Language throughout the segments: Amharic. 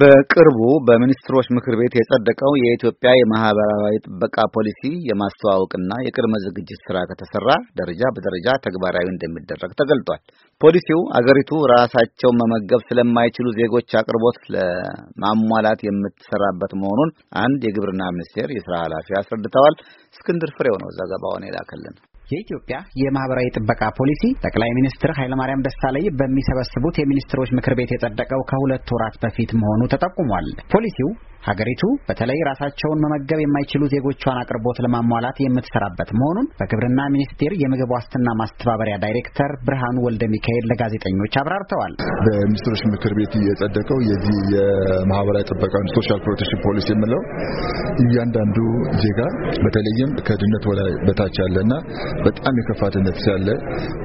በቅርቡ በሚኒስትሮች ምክር ቤት የጸደቀው የኢትዮጵያ የማህበራዊ ጥበቃ ፖሊሲ የማስተዋወቅና የቅድመ ዝግጅት ስራ ከተሰራ ደረጃ በደረጃ ተግባራዊ እንደሚደረግ ተገልጧል። ፖሊሲው አገሪቱ ራሳቸው መመገብ ስለማይችሉ ዜጎች አቅርቦት ለማሟላት የምትሰራበት መሆኑን አንድ የግብርና ሚኒስቴር የስራ ኃላፊ አስረድተዋል። እስክንድር ፍሬው ነው ዘገባውን የላከልን። የኢትዮጵያ የማህበራዊ ጥበቃ ፖሊሲ ጠቅላይ ሚኒስትር ኃይለማርያም ደሳለኝ በሚሰበስቡት የሚኒስትሮች ምክር ቤት የጸደቀው ከሁለት ወራት በፊት መሆኑ ተጠቁሟል። ፖሊሲው ሀገሪቱ በተለይ ራሳቸውን መመገብ የማይችሉ ዜጎቿን አቅርቦት ለማሟላት የምትሰራበት መሆኑን በግብርና ሚኒስቴር የምግብ ዋስትና ማስተባበሪያ ዳይሬክተር ብርሃኑ ወልደ ሚካኤል ለጋዜጠኞች አብራርተዋል። በሚኒስትሮች ምክር ቤት የጸደቀው የዚህ የማህበራዊ ጥበቃ ሶሻል ፕሮቴክሽን ፖሊሲ የምለው እያንዳንዱ ዜጋ በተለይም ከድህነት ወላይ በታች ያለና በጣም የከፋ ድህነት ያለ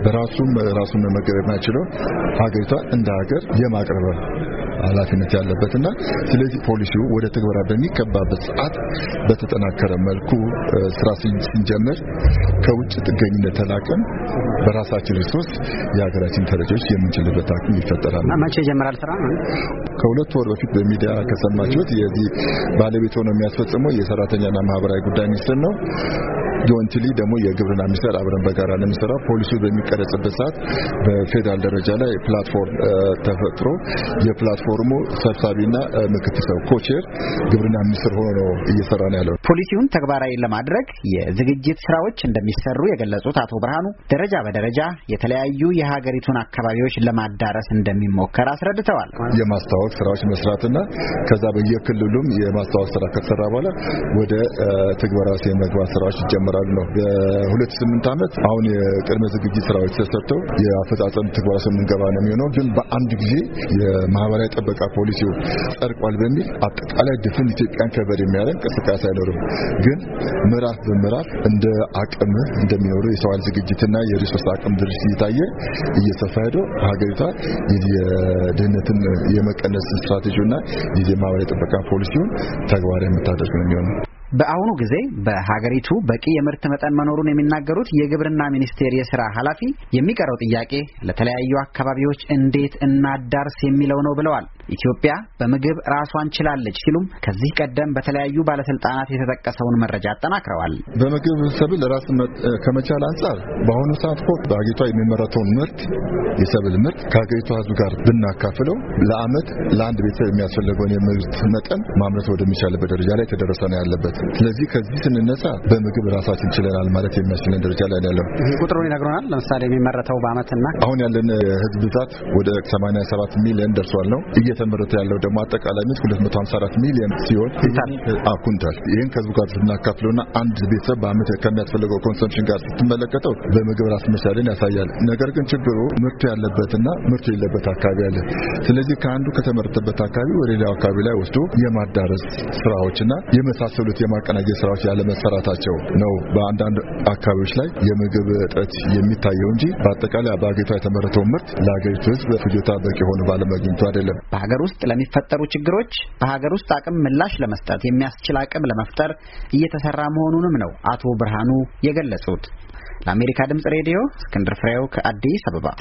በራሱም ራሱን መመገብ የማይችለው ሀገሪቷ እንደ ሀገር የማቅረብ ኃላፊነት ያለበትና ስለዚህ ፖሊሲው ወደ ትግበራ በሚገባበት ሰዓት በተጠናከረ መልኩ ስራ ስንጀምር ከውጭ ጥገኝነት ተላቀን በራሳችን ሪሶርስ የሀገራችን ተረጂዎች የምንችልበት አቅም ይፈጠራል። መቼ ይጀምራል ስራ? ከሁለት ወር በፊት በሚዲያ ከሰማችሁት የዚህ ባለቤት ሆኖ የሚያስፈጽመው የሰራተኛና ማህበራዊ ጉዳይ ሚኒስትር ነው። ጆይንትሊ ደግሞ የግብርና ሚኒስቴር አብረን በጋራ ነው የሚሰራው። በሚቀረጽበት ሰዓት በፌዴራል ደረጃ ላይ ፕላትፎርም ተፈጥሮ የፕላትፎርሙ ሰብሳቢና ምክትል ሰው ኮቼር ግብርና ሚኒስትር ሆኖ ነው እየሰራ ነው ያለው። ፖሊሲውን ተግባራዊ ለማድረግ የዝግጅት ስራዎች እንደሚሰሩ የገለጹት አቶ ብርሃኑ ደረጃ በደረጃ የተለያዩ የሀገሪቱን አካባቢዎች ለማዳረስ እንደሚሞከር አስረድተዋል። የማስተዋወቅ ስራዎች መስራትና ከዛ በየክልሉም የማስታወቅ ስራ ከተሰራ በኋላ ወደ ትግበራ የመግባት ስራዎች ይጀምራል። ጀምራለሁ። የሁለት ስምንት ዓመት አሁን የቅድመ ዝግጅት ስራዎች ተሰርተው የአፈጻጸም ትግበራ ስምንገባ ነው የሚሆነው። ግን በአንድ ጊዜ የማህበራዊ ጥበቃ ፖሊሲው ጸድቋል በሚል አጠቃላይ ድፍን ኢትዮጵያን ከበር የሚያደርግ እንቅስቃሴ አይኖርም። ግን ምዕራፍ በምዕራፍ እንደ አቅም እንደሚኖሩ የሰዋል ዝግጅትና የሪሶርስ አቅም ድርጅት እየታየ እየሰፋ ሄዶ ሀገሪቷ የድህነትን የመቀነስ ስትራቴጂና የማህበራዊ ጥበቃ ፖሊሲውን ተግባራዊ የምታደርግ ነው የሚሆነው። በአሁኑ ጊዜ በሀገሪቱ በቂ የምርት መጠን መኖሩን የሚናገሩት የግብርና ሚኒስቴር የስራ ኃላፊ የሚቀረው ጥያቄ ለተለያዩ አካባቢዎች እንዴት እናዳርስ የሚለው ነው ብለዋል። ኢትዮጵያ በምግብ ራሷን ችላለች ሲሉም ከዚህ ቀደም በተለያዩ ባለስልጣናት የተጠቀሰውን መረጃ አጠናክረዋል። በምግብ ሰብል ራስ ከመቻል አንጻር በአሁኑ ሰዓት እኮ በሀገሪቷ የሚመረተውን ምርት የሰብል ምርት ከሀገሪቷ ሕዝብ ጋር ብናካፍለው ለአመት ለአንድ ቤተሰብ የሚያስፈልገውን የምርት መጠን ማምረት ወደሚቻልበት ደረጃ ላይ የተደረሰ ነው ያለበት። ስለዚህ ከዚህ ስንነሳ በምግብ ራሳችን ችለናል ማለት የሚያስችለን ደረጃ ላይ ያለው ቁጥሩን ይነግሮናል። ለምሳሌ የሚመረተው በአመትና አሁን ያለን የህዝብ ብዛት ወደ 87 ሚሊዮን ደርሷል ነው እየተመረተ ያለው ደግሞ አጠቃላይ ምርት 254 ሚሊዮን ሲሆን ኩንታል ይህን ከህዝቡ ጋር ስናካፍለውና አንድ ቤተሰብ በአመት ከሚያስፈልገው ኮንሰምፕሽን ጋር ስትመለከተው በምግብ ራስ መቻልን ያሳያል። ነገር ግን ችግሩ ምርቱ ያለበትና ምርቱ የሌለበት አካባቢ አለ። ስለዚህ ከአንዱ ከተመረተበት አካባቢ ወደ ሌላው አካባቢ ላይ ወስዶ የማዳረስ ስራዎችና የመሳሰሉት የማቀናጀት ስራዎች ያለመሰራታቸው ነው በአንዳንድ አካባቢዎች ላይ የምግብ እጥረት የሚታየው እንጂ በአጠቃላይ በአገሪቷ የተመረተው ምርት ለአገሪቱ ህዝብ ፍጆታ በቂ ሆኖ ባለመገኘቱ አይደለም። በሀገር ውስጥ ለሚፈጠሩ ችግሮች በሀገር ውስጥ አቅም ምላሽ ለመስጠት የሚያስችል አቅም ለመፍጠር እየተሰራ መሆኑንም ነው አቶ ብርሃኑ የገለጹት። ለአሜሪካ ድምጽ ሬዲዮ እስክንድር ፍሬው ከአዲስ አበባ